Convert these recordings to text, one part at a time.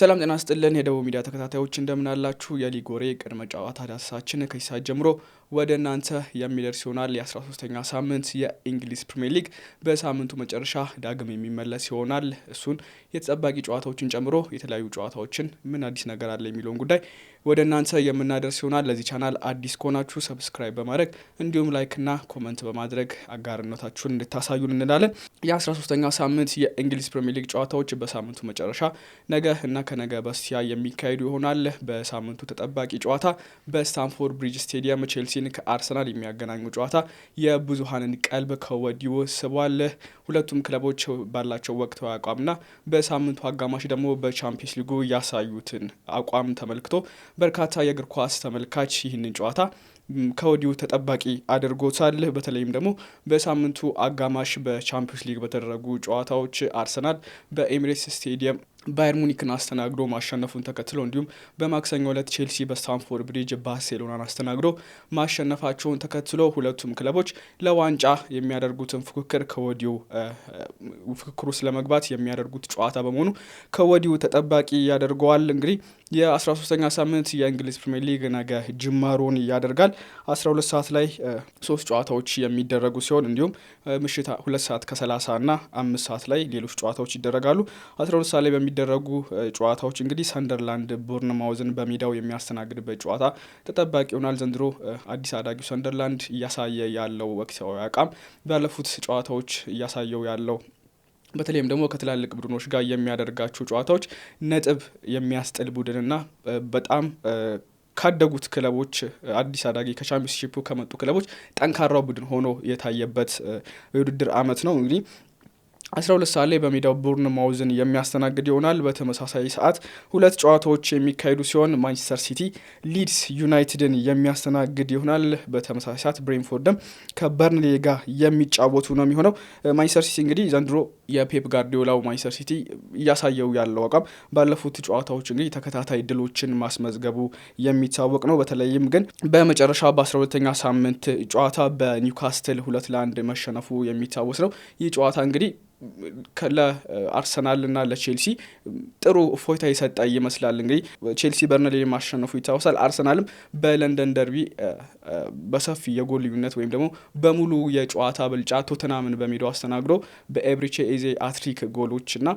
ሰላም ጤና ስጥልን የደቡብ ሚዲያ ተከታታዮች እንደምናላችሁ። የሊጎሬ ቅድመ ጨዋታ ዳሰሳችን ከዚህ ጀምሮ ወደ እናንተ የሚደርስ ይሆናል። የ13ተኛ ሳምንት የእንግሊዝ ፕሪምየር ሊግ በሳምንቱ መጨረሻ ዳግም የሚመለስ ይሆናል። እሱን የተጠባቂ ጨዋታዎችን ጨምሮ የተለያዩ ጨዋታዎችን ምን አዲስ ነገር አለ የሚለውን ጉዳይ ወደ እናንተ የምናደርስ ይሆናል። ለዚህ ቻናል አዲስ ከሆናችሁ ሰብስክራይብ በማድረግ እንዲሁም ላይክና ኮመንት በማድረግ አጋርነታችሁን እንድታሳዩን እንላለን። የ13ተኛ ሳምንት የእንግሊዝ ፕሪምየር ሊግ ጨዋታዎች በሳምንቱ መጨረሻ ነገ እና ከነገ በስቲያ የሚካሄዱ ይሆናል። በሳምንቱ ተጠባቂ ጨዋታ በስታንፎርድ ብሪጅ ስቴዲየም ቼልሲ ቼልሲን ከአርሰናል የሚያገናኙ ጨዋታ የብዙሀንን ቀልብ ከወዲሁ ስቧል። ሁለቱም ክለቦች ባላቸው ወቅታዊ አቋምና በሳምንቱ አጋማሽ ደግሞ በቻምፒየንስ ሊጉ ያሳዩትን አቋም ተመልክቶ በርካታ የእግር ኳስ ተመልካች ይህንን ጨዋታ ከወዲሁ ተጠባቂ አድርጎታል። በተለይም ደግሞ በሳምንቱ አጋማሽ በቻምፒዮንስ ሊግ በተደረጉ ጨዋታዎች አርሰናል በኤሚሬትስ ስቴዲየም ባየር ሙኒክን አስተናግዶ ማሸነፉን ተከትሎ እንዲሁም በማክሰኞ ዕለት ቼልሲ በስታንፎርድ ብሪጅ ባርሴሎናን አስተናግዶ ማሸነፋቸውን ተከትሎ ሁለቱም ክለቦች ለዋንጫ የሚያደርጉትን ፉክክር ከወዲሁ ፉክክር ውስጥ ለመግባት የሚያደርጉት ጨዋታ በመሆኑ ከወዲሁ ተጠባቂ ያደርገዋል። እንግዲህ የ13ኛ ሳምንት የእንግሊዝ ፕሪምየር ሊግ ነገ ጅማሮን ያደርጋል። 12 ሰዓት ላይ ሶስት ጨዋታዎች የሚደረጉ ሲሆን እንዲሁም ምሽት ሁለት ሰዓት ከ30 እና አምስት ሰዓት ላይ ሌሎች ጨዋታዎች ይደረጋሉ። 12 ሰዓት ላይ የሚደረጉ ጨዋታዎች እንግዲህ ሰንደርላንድ ቦርንማውዝን በሜዳው የሚያስተናግድበት ጨዋታ ተጠባቂ ይሆናል። ዘንድሮ አዲስ አዳጊው ሰንደርላንድ እያሳየ ያለው ወቅታዊ አቋም ባለፉት ጨዋታዎች እያሳየው ያለው በተለይም ደግሞ ከትላልቅ ቡድኖች ጋር የሚያደርጋቸው ጨዋታዎች ነጥብ የሚያስጥል ቡድንና በጣም ካደጉት ክለቦች አዲስ አዳጊ ከቻምፒዮንሺፑ ከመጡ ክለቦች ጠንካራው ቡድን ሆኖ የታየበት የውድድር ዓመት ነው እንግዲህ አስራ ሁለት ሰዓት ላይ በሜዳው ቡርን ማውዝን የሚያስተናግድ ይሆናል። በተመሳሳይ ሰዓት ሁለት ጨዋታዎች የሚካሄዱ ሲሆን ማንቸስተር ሲቲ ሊድስ ዩናይትድን የሚያስተናግድ ይሆናል። በተመሳሳይ ሰዓት ብሬንፎርድም ከበርንሌ ጋር የሚጫወቱ ነው የሚሆነው። ማንቸስተር ሲቲ እንግዲህ ዘንድሮ የፔፕ ጋርዲዮላው ማንቸስተር ሲቲ እያሳየው ያለው አቋም ባለፉት ጨዋታዎች እንግዲህ ተከታታይ ድሎችን ማስመዝገቡ የሚታወቅ ነው። በተለይም ግን በመጨረሻ በአስራ ሁለተኛ ሳምንት ጨዋታ በኒውካስትል ሁለት ለአንድ መሸነፉ የሚታወስ ነው። ይህ ጨዋታ እንግዲህ ለአርሰናል ና ለቼልሲ ጥሩ እፎይታ የሰጠ ይመስላል። እንግዲህ ቼልሲ በርንሌን ማሸነፉ ይታወሳል። አርሰናልም በለንደን ደርቢ በሰፊ የጎል ልዩነት ወይም ደግሞ በሙሉ የጨዋታ ብልጫ ቶተናምን በሜዳው አስተናግዶ በኤብሪቼ ኤዜ አትሪክ ጎሎች እና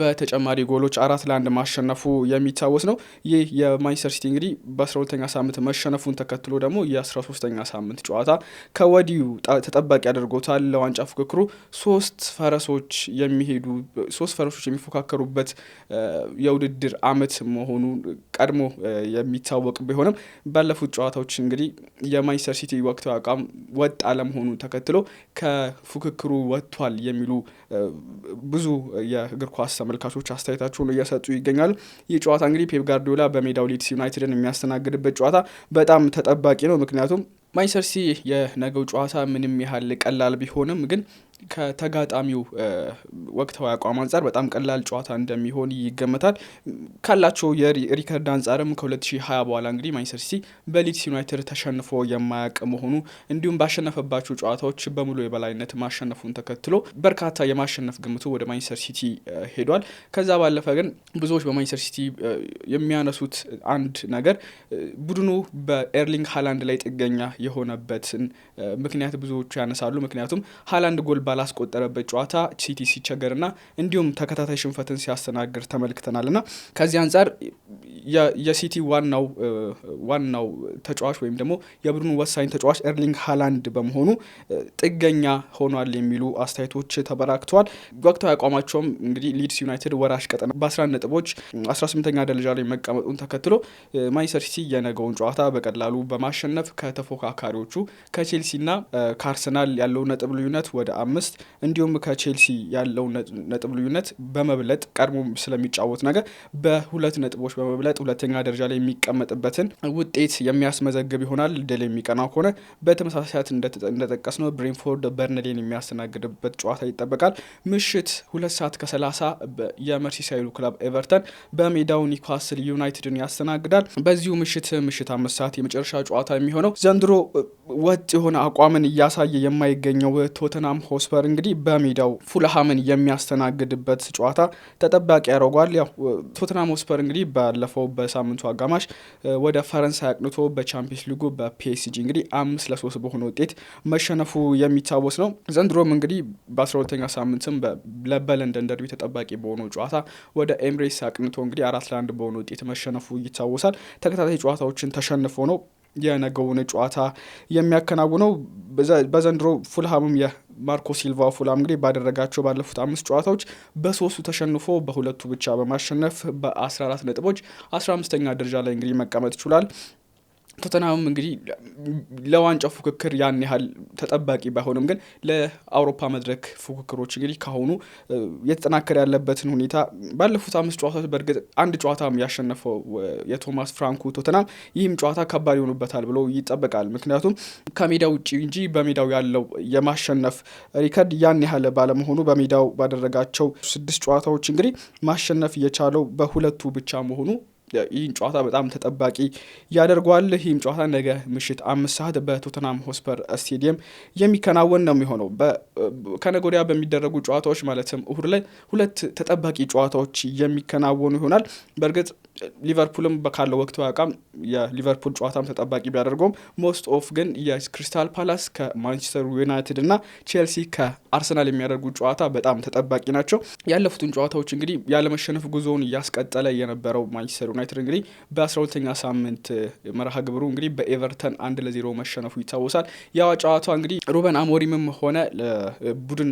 በተጨማሪ ጎሎች አራት ለአንድ ማሸነፉ የሚታወስ ነው። ይህ የማንቸስተር ሲቲ እንግዲህ በ 12 ተኛ ሳምንት መሸነፉን ተከትሎ ደግሞ የ 13 ተኛ ሳምንት ጨዋታ ከወዲሁ ተጠባቂ አድርጎታል። ለዋንጫ ፉክክሩ ሶስት ፈረሶች ፈረሶች የሚሄዱ ሶስት ፈረሶች የሚፎካከሩበት የውድድር አመት መሆኑ ቀድሞ የሚታወቅ ቢሆንም ባለፉት ጨዋታዎች እንግዲህ የማንቸስተር ሲቲ ወቅታዊ አቋም ወጥ አለመሆኑ ተከትሎ ከፉክክሩ ወጥቷል የሚሉ ብዙ የእግር ኳስ ተመልካቾች አስተያየታቸውን እየሰጡ ይገኛሉ። ይህ ጨዋታ እንግዲህ ፔፕ ጋርዲዮላ በሜዳው ሊድስ ዩናይትድን የሚያስተናግድበት ጨዋታ በጣም ተጠባቂ ነው። ምክንያቱም ማንቸስተር ሲቲ የነገው ጨዋታ ምንም ያህል ቀላል ቢሆንም ግን ከተጋጣሚው ወቅታዊ አቋም አንጻር በጣም ቀላል ጨዋታ እንደሚሆን ይገመታል። ካላቸው የሪከርድ አንጻርም ከ2020 በኋላ እንግዲህ ማንቸስተር ሲቲ በሊድስ ዩናይትድ ተሸንፎ የማያቅ መሆኑ እንዲሁም ባሸነፈባቸው ጨዋታዎች በሙሉ የበላይነት ማሸነፉን ተከትሎ በርካታ የማሸነፍ ግምቱ ወደ ማንቸስተር ሲቲ ሄዷል። ከዛ ባለፈ ግን ብዙዎች በማንቸስተር ሲቲ የሚያነሱት አንድ ነገር ቡድኑ በኤርሊንግ ሃላንድ ላይ ጥገኛ የሆነበትን ምክንያት ብዙዎቹ ያነሳሉ። ምክንያቱም ሀላንድ ጎል ባላስቆጠረበት ጨዋታ ሲቲ ሲቸገርና እንዲሁም ተከታታይ ሽንፈትን ሲያስተናግድ ና ከዚህ አንጻር የሲቲ ዋናው ዋናው ተጫዋች ወይም ደግሞ የቡድኑ ወሳኝ ተጫዋች ኤርሊንግ ሃላንድ በመሆኑ ጥገኛ ሆኗል የሚሉ አስተያየቶች ተበራክተዋል። ወቅታዊ አቋማቸውም እንግዲህ ሊድስ ዩናይትድ ወራሽ ቀጠና በ11 ነጥቦች 18ኛ ደረጃ ላይ መቀመጡን ተከትሎ ማንቸስተር ሲቲ የነገውን ጨዋታ በቀላሉ በማሸነፍ ከተፎካካሪዎቹ ከቼልሲና ከአርሰናል ያለው ነጥብ ልዩነት ወደ አምስት እንዲሁም ከቼልሲ ያለው ነጥብ ልዩነት በመብለጥ ቀድሞ ስለሚጫወት ነገር በሁለት ነጥቦች በመብለጥ በመብለጥ ሁለተኛ ደረጃ ላይ የሚቀመጥበትን ውጤት የሚያስመዘግብ ይሆናል። ድል የሚቀናው ከሆነ በተመሳሳያት ሰዓት እንደጠቀስ ነው ብሬንፎርድ በርንሌን የሚያስተናግድበት ጨዋታ ይጠበቃል። ምሽት ሁለት ሰዓት ከሰላሳ የመርሲሳይሉ ክለብ ኤቨርተን በሜዳው ኒኳስል ዩናይትድን ያስተናግዳል። በዚሁ ምሽት ምሽት አምስት ሰዓት የመጨረሻ ጨዋታ የሚሆነው ዘንድሮ ወጥ የሆነ አቋምን እያሳየ የማይገኘው ቶተናም ሆስፐር እንግዲህ በሜዳው ፉልሃምን የሚያስተናግድበት ጨዋታ ተጠባቂ ያደርጓል። ያው ቶተናም ሆስፐር እንግዲህ ባለፈው በሳምንቱ አጋማሽ ወደ ፈረንሳይ አቅንቶ በቻምፒየንስ ሊጉ በፒኤስጂ እንግዲህ አምስት ለሶስት በሆነ ውጤት መሸነፉ የሚታወስ ነው። ዘንድሮም እንግዲህ በ12ተኛ ሳምንትም ለበለንደን ደርቢ ተጠባቂ በሆነው ጨዋታ ወደ ኤምሬትስ አቅንቶ እንግዲህ አራት ለአንድ በሆነ ውጤት መሸነፉ ይታወሳል። ተከታታይ ጨዋታዎችን ተሸንፎ ነው የነገውን ጨዋታ የሚያከናውነው። በዘንድሮ ፉልሃምም ማርኮ ሲልቫ ፉላም እንግዲህ ባደረጋቸው ባለፉት አምስት ጨዋታዎች በሶስቱ ተሸንፎ በሁለቱ ብቻ በማሸነፍ በ14 ነጥቦች 15ኛ ደረጃ ላይ እንግዲህ መቀመጥ ይችላል። ቶተናም እንግዲህ ለዋንጫው ፉክክር ያን ያህል ተጠባቂ ባይሆንም ግን ለአውሮፓ መድረክ ፉክክሮች እንግዲህ ካሁኑ የተጠናከረ ያለበትን ሁኔታ ባለፉት አምስት ጨዋታዎች በእርግጥ አንድ ጨዋታም ያሸነፈው የቶማስ ፍራንኩ ቶተናም ይህም ጨዋታ ከባድ ይሆኑበታል ብሎ ይጠበቃል። ምክንያቱም ከሜዳ ውጭ እንጂ በሜዳው ያለው የማሸነፍ ሪከርድ ያን ያህል ባለመሆኑ በሜዳው ባደረጋቸው ስድስት ጨዋታዎች እንግዲህ ማሸነፍ የቻለው በሁለቱ ብቻ መሆኑ ይህን ጨዋታ በጣም ተጠባቂ ያደርጓል። ይህም ጨዋታ ነገ ምሽት አምስት ሰዓት በቶተናም ሆስፐር ስቴዲየም የሚከናወን ነው የሚሆነው። ከነገ ወዲያ በሚደረጉ ጨዋታዎች ማለትም እሁድ ላይ ሁለት ተጠባቂ ጨዋታዎች የሚከናወኑ ይሆናል በእርግጥ ሊቨርፑልም ካለው ወቅት አቋም የሊቨርፑል ጨዋታም ተጠባቂ ቢያደርገውም ሞስት ኦፍ ግን የክሪስታል ፓላስ ከማንቸስተር ዩናይትድ እና ቼልሲ ከአርሰናል የሚያደርጉ ጨዋታ በጣም ተጠባቂ ናቸው። ያለፉትን ጨዋታዎች እንግዲህ ያለመሸነፍ ጉዞውን እያስቀጠለ የነበረው ማንቸስተር ዩናይትድ እንግዲህ በ12ኛ ሳምንት መርሃ ግብሩ እንግዲህ በኤቨርተን አንድ ለዜሮ መሸነፉ ይታወሳል። ያ ጨዋታ እንግዲህ ሩበን አሞሪምም ሆነ ቡድን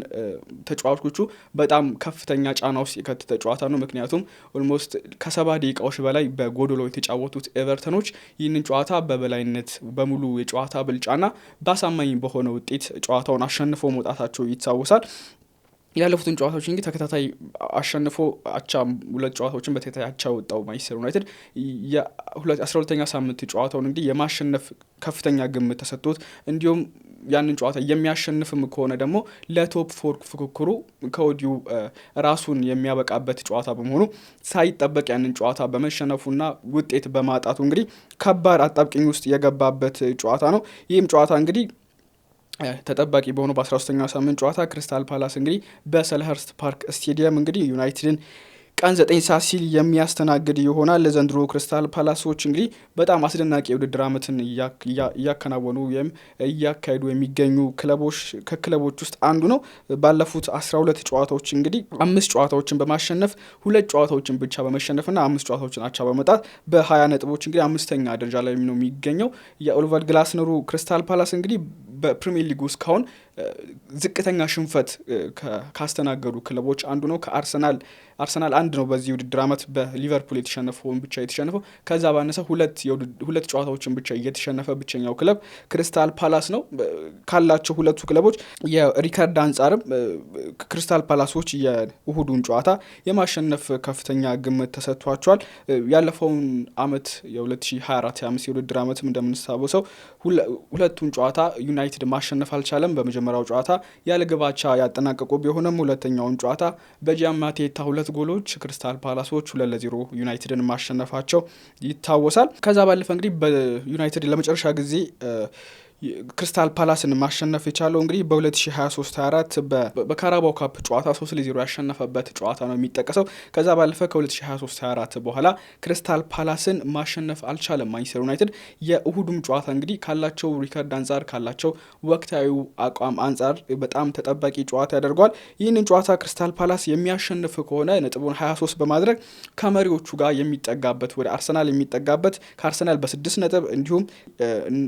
ተጫዋቾቹ በጣም ከፍተኛ ጫና ውስጥ የከተተ ጨዋታ ነው። ምክንያቱም ኦልሞስት ከሰባ ደቂቃዎች ከ በላይ በጎዶሎ የተጫወቱት ኤቨርተኖች ይህንን ጨዋታ በበላይነት በሙሉ የጨዋታ ብልጫና በአሳማኝ በሆነ ውጤት ጨዋታውን አሸንፎ መውጣታቸው ይታወሳል። ያለፉትን ጨዋታዎች እንግዲህ ተከታታይ አሸንፎ አቻ ሁለት ጨዋታዎችን በተከታታይ አቻ ወጣው ማንቸስተር ዩናይትድ የ12ተኛ ሳምንት ጨዋታውን እንግዲህ የማሸነፍ ከፍተኛ ግምት ተሰጥቶት እንዲሁም ያንን ጨዋታ የሚያሸንፍም ከሆነ ደግሞ ለቶፕ ፎር ፍክክሩ ከወዲሁ ራሱን የሚያበቃበት ጨዋታ በመሆኑ ሳይጠበቅ ያንን ጨዋታ በመሸነፉና ውጤት በማጣቱ እንግዲህ ከባድ አጣብቅኝ ውስጥ የገባበት ጨዋታ ነው። ይህም ጨዋታ እንግዲህ ተጠባቂ በሆነው በ13ኛው ሳምንት ጨዋታ ክሪስታል ፓላስ እንግዲህ በሰልኸርስት ፓርክ ስቴዲየም እንግዲህ ዩናይትድን ቀን ዘጠኝ ሰዓት ሲል የሚያስተናግድ ይሆናል። ለዘንድሮ ክሪስታል ፓላሶች እንግዲህ በጣም አስደናቂ የውድድር ዓመትን እያከናወኑ ወይም እያካሄዱ የሚገኙ ክለቦች ከክለቦች ውስጥ አንዱ ነው። ባለፉት ሁለት ጨዋታዎች እንግዲህ አምስት ጨዋታዎችን በማሸነፍ ሁለት ጨዋታዎችን ብቻ በመሸነፍና አምስት ጨዋታዎችን አቻ በመጣት በ ነጥቦች እንግዲህ አምስተኛ ደረጃ ላይ ነው የሚገኘው። የኦሊቨር ግላስነሩ ክሪስታል ፓላስ እንግዲህ በፕሪሚየር ሊጉ እስካሁን ዝቅተኛ ሽንፈት ካስተናገዱ ክለቦች አንዱ ነው። ከአርሰናል አርሰናል አንድ ነው በዚህ ውድድር ዓመት በሊቨርፑል የተሸነፈውን ብቻ የተሸነፈው ከዛ ባነሰ ሁለት ጨዋታዎችን ብቻ እየተሸነፈ ብቸኛው ክለብ ክሪስታል ፓላስ ነው። ካላቸው ሁለቱ ክለቦች የሪከርድ አንጻርም ክሪስታል ፓላሶች የእሁዱን ጨዋታ የማሸነፍ ከፍተኛ ግምት ተሰጥቷቸዋል። ያለፈውን ዓመት የ2024/25 የውድድር ዓመትም ሰው ሁለቱን ጨዋታ ዩናይትድ ዩናይትድ ማሸነፍ አልቻለም። በመጀመሪያው ጨዋታ ያለ ግባቻ ያጠናቀቁ ቢሆንም ሁለተኛውን ጨዋታ በጂያማቴታ ሁለት ጎሎች ክሪስታል ፓላሶች ሁለት ለዜሮ ዩናይትድን ማሸነፋቸው ይታወሳል። ከዛ ባለፈ እንግዲህ በዩናይትድ ለመጨረሻ ጊዜ ክሪስታል ፓላስን ማሸነፍ የቻለው እንግዲህ በ2023/24 በካራባው ካፕ ጨዋታ 3 ለ0 ያሸነፈበት ጨዋታ ነው የሚጠቀሰው። ከዛ ባለፈ ከ2023/24 በኋላ ክሪስታል ፓላስን ማሸነፍ አልቻለም ማንቸስተር ዩናይትድ። የእሁዱም ጨዋታ እንግዲህ ካላቸው ሪከርድ አንጻር ካላቸው ወቅታዊ አቋም አንጻር በጣም ተጠባቂ ጨዋታ ያደርገዋል። ይህንን ጨዋታ ክሪስታል ፓላስ የሚያሸንፍ ከሆነ ነጥቡን 23 በማድረግ ከመሪዎቹ ጋር የሚጠጋበት ወደ አርሰናል የሚጠጋበት ከአርሰናል በስድስት ነጥብ እንዲሁም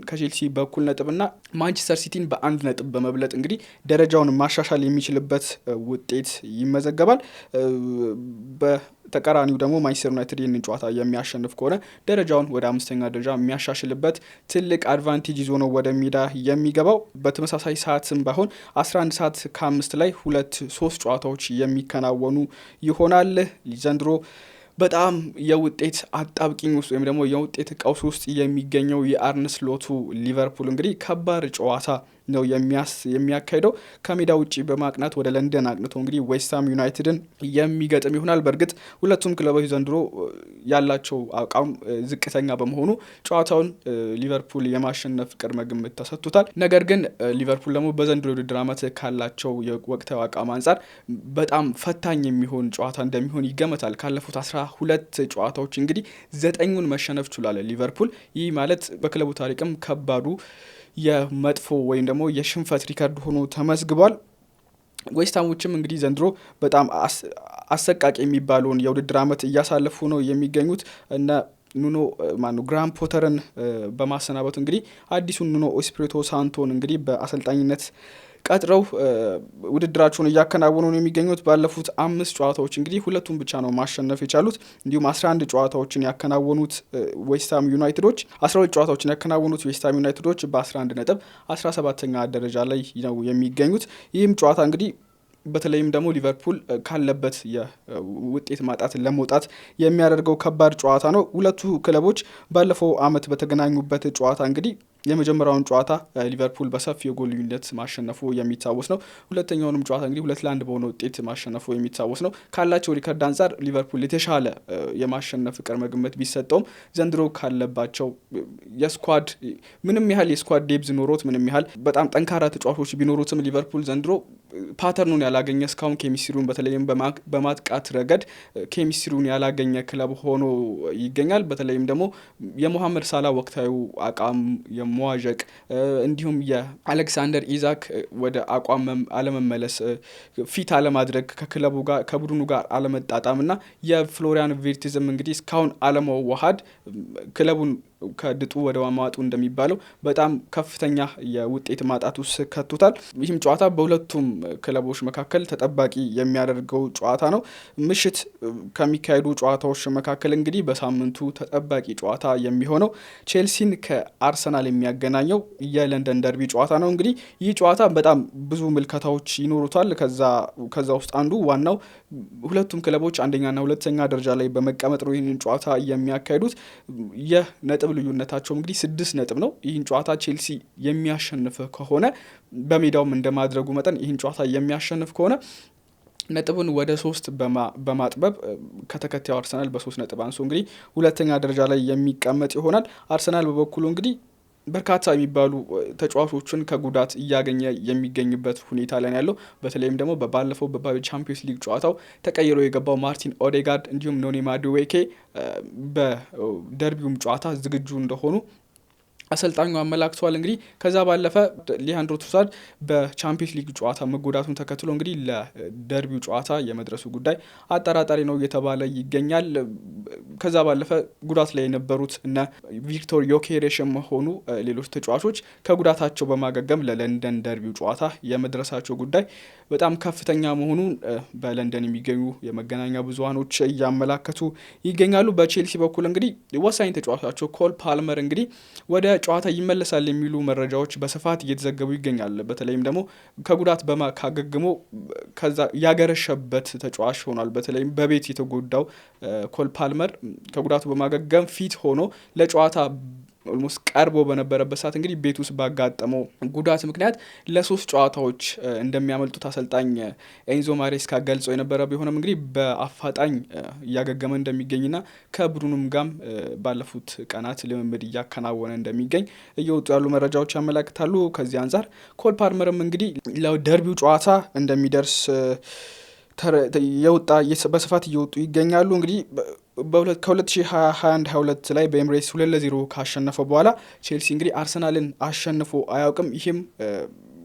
ከቼልሲ በኩል ነጥብ ነጥብና ማንቸስተር ሲቲን በአንድ ነጥብ በመብለጥ እንግዲህ ደረጃውን ማሻሻል የሚችልበት ውጤት ይመዘገባል። በተቃራኒው ደግሞ ማንቸስተር ዩናይትድ ይህንን ጨዋታ የሚያሸንፍ ከሆነ ደረጃውን ወደ አምስተኛ ደረጃ የሚያሻሽልበት ትልቅ አድቫንቴጅ ይዞ ነው ወደ ሜዳ የሚገባው። በተመሳሳይ ሰዓትም ባይሆን 11 ሰዓት ከአምስት ላይ ሁለት ሶስት ጨዋታዎች የሚከናወኑ ይሆናል ዘንድሮ በጣም የውጤት አጣብቂኝ ውስጥ ወይም ደግሞ የውጤት ቀውስ ውስጥ የሚገኘው የአርንስ ሎቱ ሊቨርፑል እንግዲህ ከባድ ጨዋታ ነው የሚያካሄደው። ከሜዳ ውጭ በማቅናት ወደ ለንደን አቅንቶ እንግዲህ ዌስትሃም ዩናይትድን የሚገጥም ይሆናል። በእርግጥ ሁለቱም ክለቦች ዘንድሮ ያላቸው አቋም ዝቅተኛ በመሆኑ ጨዋታውን ሊቨርፑል የማሸነፍ ቅድመ ግምት ተሰጥቶታል። ነገር ግን ሊቨርፑል ደግሞ በዘንድሮ ውድድር ዓመት ካላቸው ወቅታዊ አቋም አንጻር በጣም ፈታኝ የሚሆን ጨዋታ እንደሚሆን ይገመታል። ካለፉት አስራ ሁለት ጨዋታዎች እንግዲህ ዘጠኙን መሸነፍ ችሏል ሊቨርፑል። ይህ ማለት በክለቡ ታሪክም ከባዱ የመጥፎ ወይም ደግሞ የሽንፈት ሪከርድ ሆኖ ተመዝግቧል። ዌስትሃሞችም እንግዲህ ዘንድሮ በጣም አሰቃቂ የሚባለውን የውድድር ዓመት እያሳለፉ ነው የሚገኙት እነ ኑኖ ማኑ ግራም ፖተርን በማሰናበቱ እንግዲህ አዲሱን ኑኖ ኤስፒሪቶ ሳንቶን እንግዲህ በአሰልጣኝነት ቀጥረው ውድድራቸውን እያከናወኑ ነው የሚገኙት። ባለፉት አምስት ጨዋታዎች እንግዲህ ሁለቱን ብቻ ነው ማሸነፍ የቻሉት። እንዲሁም 11 ጨዋታዎችን ያከናወኑት ዌስትሃም ዩናይትዶች 12 ጨዋታዎችን ያከናወኑት ዌስትሃም ዩናይትዶች በ11 ነጥብ 17ኛ ደረጃ ላይ ነው የሚገኙት። ይህም ጨዋታ እንግዲህ በተለይም ደግሞ ሊቨርፑል ካለበት የውጤት ማጣት ለመውጣት የሚያደርገው ከባድ ጨዋታ ነው። ሁለቱ ክለቦች ባለፈው ዓመት በተገናኙበት ጨዋታ እንግዲህ የመጀመሪያውን ጨዋታ ሊቨርፑል በሰፊ የጎል ልዩነት ማሸነፉ የሚታወስ ነው። ሁለተኛውንም ጨዋታ እንግዲህ ሁለት ለአንድ በሆነ ውጤት ማሸነፉ የሚታወስ ነው። ካላቸው ሪከርድ አንጻር ሊቨርፑል የተሻለ የማሸነፍ ቅድመ ግምት ቢሰጠውም ዘንድሮ ካለባቸው የስኳድ ምንም ያህል የስኳድ ዴብዝ ኖሮት ምንም ያህል በጣም ጠንካራ ተጫዋቾች ቢኖሩትም ሊቨርፑል ዘንድሮ ፓተርኑን ያላገኘ እስካሁን ኬሚስትሪውን በተለይም በማጥቃት ረገድ ኬሚስትሪውን ያላገኘ ክለብ ሆኖ ይገኛል። በተለይም ደግሞ የሞሐመድ ሳላ ወቅታዊ አቋም መዋዠቅ እንዲሁም የአሌክሳንደር ኢዛክ ወደ አቋም አለመመለስ፣ ፊት አለማድረግ፣ ከክለቡ ጋር ከቡድኑ ጋር አለመጣጣም እና የፍሎሪያን ቪርቲዝም እንግዲህ እስካሁን አለመዋሃድ ክለቡን ከድጡ ወደ ማዋጡ እንደሚባለው በጣም ከፍተኛ የውጤት ማጣት ውስጥ ከቶታል። ይህም ጨዋታ በሁለቱም ክለቦች መካከል ተጠባቂ የሚያደርገው ጨዋታ ነው። ምሽት ከሚካሄዱ ጨዋታዎች መካከል እንግዲህ በሳምንቱ ተጠባቂ ጨዋታ የሚሆነው ቼልሲን ከአርሰናል የሚያገናኘው የለንደን ደርቢ ጨዋታ ነው። እንግዲህ ይህ ጨዋታ በጣም ብዙ ምልከታዎች ይኖሩታል። ከዛ ውስጥ አንዱ ዋናው ሁለቱም ክለቦች አንደኛና ሁለተኛ ደረጃ ላይ በመቀመጥ ነው ይህንን ጨዋታ የሚያካሂዱት። የነጥብ ልዩነታቸው እንግዲህ ስድስት ነጥብ ነው። ይህን ጨዋታ ቼልሲ የሚያሸንፍ ከሆነ በሜዳውም እንደማድረጉ መጠን ይህን ጨዋታ የሚያሸንፍ ከሆነ ነጥቡን ወደ ሶስት በማጥበብ ከተከታዩ አርሰናል በሶስት ነጥብ አንሶ እንግዲህ ሁለተኛ ደረጃ ላይ የሚቀመጥ ይሆናል። አርሰናል በበኩሉ እንግዲህ በርካታ የሚባሉ ተጫዋቾችን ከጉዳት እያገኘ የሚገኝበት ሁኔታ ላይ ያለው በተለይም ደግሞ ባለፈው ቻምፒዮንስ ሊግ ጨዋታው ተቀይሮ የገባው ማርቲን ኦዴጋርድ እንዲሁም ኖኒ ማዱዌኬ በደርቢውም ጨዋታ ዝግጁ እንደሆኑ አሰልጣኙ አመላክተዋል። እንግዲህ ከዛ ባለፈ ሊያንድሮ ቱሳድ በቻምፒየንስ ሊግ ጨዋታ መጎዳቱን ተከትሎ እንግዲህ ለደርቢው ጨዋታ የመድረሱ ጉዳይ አጠራጣሪ ነው እየተባለ ይገኛል። ከዛ ባለፈ ጉዳት ላይ የነበሩት እነ ቪክቶር ዮኬሬሽ መሆኑ ሌሎች ተጫዋቾች ከጉዳታቸው በማገገም ለለንደን ደርቢው ጨዋታ የመድረሳቸው ጉዳይ በጣም ከፍተኛ መሆኑን በለንደን የሚገኙ የመገናኛ ብዙሀኖች እያመላከቱ ይገኛሉ። በቼልሲ በኩል እንግዲህ ወሳኝ ተጫዋቻቸው ኮል ፓልመር እንግዲህ ወደ ጨዋታ ይመለሳል የሚሉ መረጃዎች በስፋት እየተዘገቡ ይገኛል። በተለይም ደግሞ ከጉዳት በማካገግሞ ከዛ ያገረሸበት ተጫዋች ሆኗል። በተለይም በቤት የተጎዳው ኮል ፓልመር ከጉዳቱ በማገገም ፊት ሆኖ ለጨዋታ ኦልሞስት ቀርቦ በነበረበት ሰዓት እንግዲህ ቤት ውስጥ ባጋጠመው ጉዳት ምክንያት ለሶስት ጨዋታዎች እንደሚያመልጡት አሰልጣኝ ኤንዞ ማሬስካ ገልጾ የነበረ ቢሆንም እንግዲህ በአፋጣኝ እያገገመ እንደሚገኝና ከቡድኑም ጋም ባለፉት ቀናት ልምምድ እያከናወነ እንደሚገኝ እየወጡ ያሉ መረጃዎች ያመላክታሉ። ከዚህ አንጻር ኮል ፓርመርም እንግዲህ ለደርቢው ጨዋታ እንደሚደርስ የወጣ በስፋት እየወጡ ይገኛሉ እንግዲህ ከ2021 22 ላይ በኤምሬትስ ሁለት ለዜሮ ካሸነፈ በኋላ ቼልሲ እንግዲህ አርሰናልን አሸንፎ አያውቅም። ይህም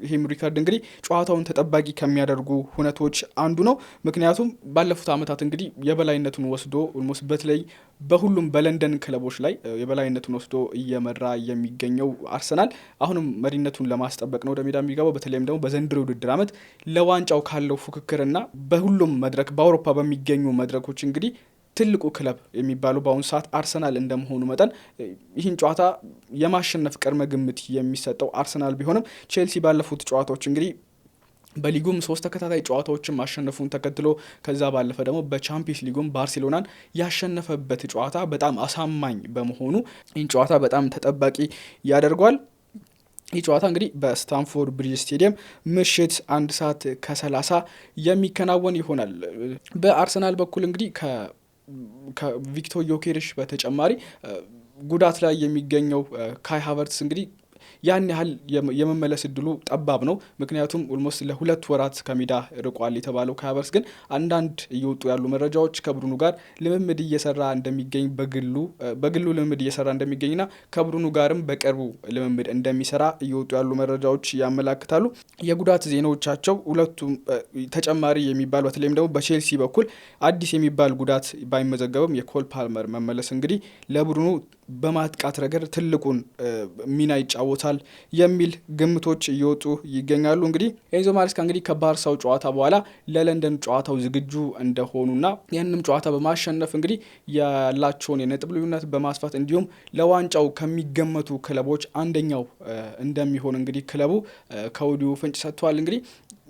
ይህም ሪከርድ እንግዲህ ጨዋታውን ተጠባቂ ከሚያደርጉ ሁነቶች አንዱ ነው። ምክንያቱም ባለፉት ዓመታት እንግዲህ የበላይነቱን ወስዶ ኦልሞስት በተለይ በሁሉም በለንደን ክለቦች ላይ የበላይነቱን ወስዶ እየመራ የሚገኘው አርሰናል አሁንም መሪነቱን ለማስጠበቅ ነው ወደ ሜዳ የሚገባው። በተለይም ደግሞ በዘንድሮ ውድድር ዓመት ለዋንጫው ካለው ፉክክርና በሁሉም መድረክ በአውሮፓ በሚገኙ መድረኮች እንግዲህ ትልቁ ክለብ የሚባለው በአሁኑ ሰዓት አርሰናል እንደመሆኑ መጠን ይህን ጨዋታ የማሸነፍ ቅድመ ግምት የሚሰጠው አርሰናል ቢሆንም ቼልሲ ባለፉት ጨዋታዎች እንግዲህ በሊጉም ሶስት ተከታታይ ጨዋታዎችን ማሸነፉን ተከትሎ ከዛ ባለፈ ደግሞ በቻምፒየንስ ሊጉም ባርሴሎናን ያሸነፈበት ጨዋታ በጣም አሳማኝ በመሆኑ ይህን ጨዋታ በጣም ተጠባቂ ያደርጓል። ይህ ጨዋታ እንግዲህ በስታንፎርድ ብሪጅ ስቴዲየም ምሽት አንድ ሰዓት ከሰላሳ የሚከናወን ይሆናል። በአርሰናል በኩል እንግዲህ ከቪክቶር ዮኬርሽ በተጨማሪ ጉዳት ላይ የሚገኘው ካይ ሀቨርትስ እንግዲህ ያን ያህል የመመለስ እድሉ ጠባብ ነው። ምክንያቱም ኦልሞስት ለሁለት ወራት ከሜዳ ርቋል የተባለው ከሀቨርስ ግን አንዳንድ እየወጡ ያሉ መረጃዎች ከቡድኑ ጋር ልምምድ እየሰራ እንደሚገኝ በግሉ በግሉ ልምምድ እየሰራ እንደሚገኝና ከቡድኑ ጋርም በቅርቡ ልምምድ እንደሚሰራ እየወጡ ያሉ መረጃዎች ያመላክታሉ። የጉዳት ዜናዎቻቸው ሁለቱም ተጨማሪ የሚባል በተለይም ደግሞ በቼልሲ በኩል አዲስ የሚባል ጉዳት ባይመዘገብም የኮል ፓልመር መመለስ እንግዲህ ለቡድኑ በማጥቃት ረገድ ትልቁን ሚና ይጫወታል የሚል ግምቶች እየወጡ ይገኛሉ። እንግዲህ ኤንዞ ማሬስካ እንግዲህ ከባርሳው ጨዋታ በኋላ ለለንደን ጨዋታው ዝግጁ እንደሆኑና ይህንም ጨዋታ በማሸነፍ እንግዲህ ያላቸውን የነጥብ ልዩነት በማስፋት እንዲሁም ለዋንጫው ከሚገመቱ ክለቦች አንደኛው እንደሚሆን እንግዲህ ክለቡ ከወዲሁ ፍንጭ ሰጥቷል። እንግዲህ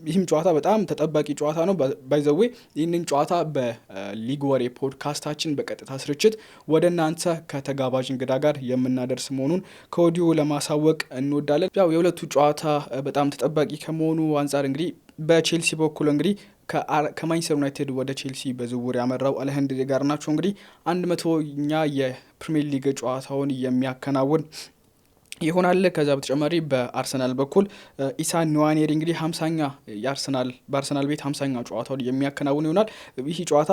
ይህም ጨዋታ በጣም ተጠባቂ ጨዋታ ነው። ባይዘዌ ይህንን ጨዋታ በሊግ ወሬ ፖድካስታችን በቀጥታ ስርጭት ወደ እናንተ ከተጋባዥ እንግዳ ጋር የምናደርስ መሆኑን ከወዲሁ ለማሳወቅ እንወዳለን። ያው የሁለቱ ጨዋታ በጣም ተጠባቂ ከመሆኑ አንጻር እንግዲህ በቼልሲ በኩል እንግዲህ ከማንቸስተር ዩናይትድ ወደ ቼልሲ በዝውውር ያመራው ጋር ናቸው እንግዲህ አንድ መቶኛ የፕሪሚየር ሊግ ጨዋታውን የሚያከናውን ይሆናል። ከዛ በተጨማሪ በአርሰናል በኩል ኢሳን ኒዋኔሪ እንግዲህ ሀምሳኛ የአርሰናል በአርሰናል ቤት ሀምሳኛ ጨዋታውን የሚያከናውን ይሆናል። ይህ ጨዋታ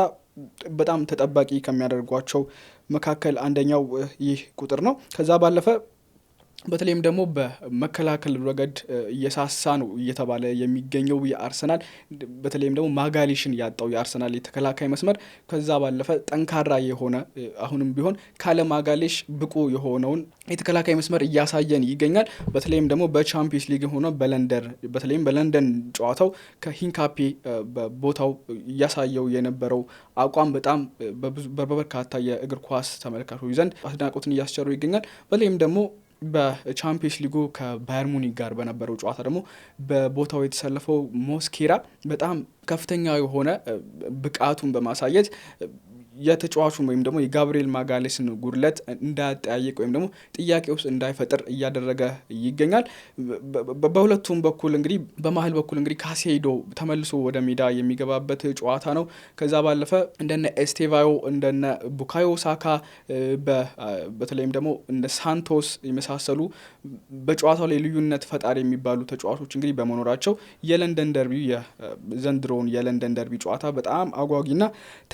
በጣም ተጠባቂ ከሚያደርጓቸው መካከል አንደኛው ይህ ቁጥር ነው። ከዛ ባለፈ በተለይም ደግሞ በመከላከል ረገድ እየሳሳ ነው እየተባለ የሚገኘው የአርሰናል በተለይም ደግሞ ማጋሊሽን ያጣው የአርሰናል የተከላካይ መስመር ከዛ ባለፈ ጠንካራ የሆነ አሁንም ቢሆን ካለ ማጋሊሽ ብቁ የሆነውን የተከላካይ መስመር እያሳየን ይገኛል። በተለይም ደግሞ በቻምፒየንስ ሊግ ሆነ በለንደን በተለይም በለንደን ጨዋታው ከሂንካፔ በቦታው እያሳየው የነበረው አቋም በጣም በበርካታ የእግር ኳስ ተመልካቾች ዘንድ አድናቆትን እያስቸሩ ይገኛል። በተለይም ደግሞ በቻምፒየንስ ሊጉ ከባየር ሙኒክ ጋር በነበረው ጨዋታ ደግሞ በቦታው የተሰለፈው ሞስኬራ በጣም ከፍተኛ የሆነ ብቃቱን በማሳየት የተጫዋቹን ወይም ደግሞ የጋብሪኤል ማጋሌስን ጉድለት እንዳያጠያይቅ ወይም ደግሞ ጥያቄ ውስጥ እንዳይፈጥር እያደረገ ይገኛል። በሁለቱም በኩል እንግዲህ በመሀል በኩል እንግዲህ ካሴዶ ተመልሶ ወደ ሜዳ የሚገባበት ጨዋታ ነው። ከዛ ባለፈ እንደነ ኤስቴቫዮ እንደነ ቡካዮ ሳካ በተለይም ደግሞ እንደ ሳንቶስ የመሳሰሉ በጨዋታው ላይ ልዩነት ፈጣሪ የሚባሉ ተጫዋቾች እንግዲህ በመኖራቸው የለንደን ደርቢ የዘንድሮውን የለንደን ደርቢ ጨዋታ በጣም አጓጊና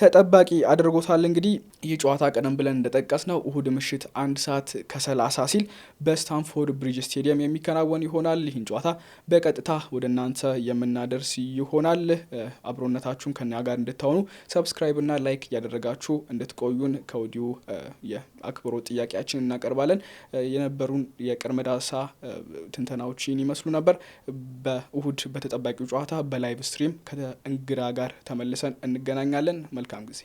ተጠባቂ አድርጎ ፍላጎት አለ። እንግዲህ ይህ ጨዋታ ቀደም ብለን እንደጠቀስ ነው እሁድ ምሽት አንድ ሰዓት ከሰላሳ ሲል በስታንፎርድ ብሪጅ ስቴዲየም የሚከናወን ይሆናል። ይህን ጨዋታ በቀጥታ ወደ እናንተ የምናደርስ ይሆናል። አብሮነታችሁን ከኛ ጋር እንድታሆኑ ሰብስክራይብ እና ላይክ እያደረጋችሁ እንድትቆዩን ከወዲሁ የአክብሮ ጥያቄያችን እናቀርባለን። የነበሩን የቅድመ ዳሰሳ ይመስሉ ነበር። በእሁድ በተጠባቂው ጨዋታ በላይቭ ስትሪም ከእንግዳ ጋር ተመልሰን እንገናኛለን። መልካም ጊዜ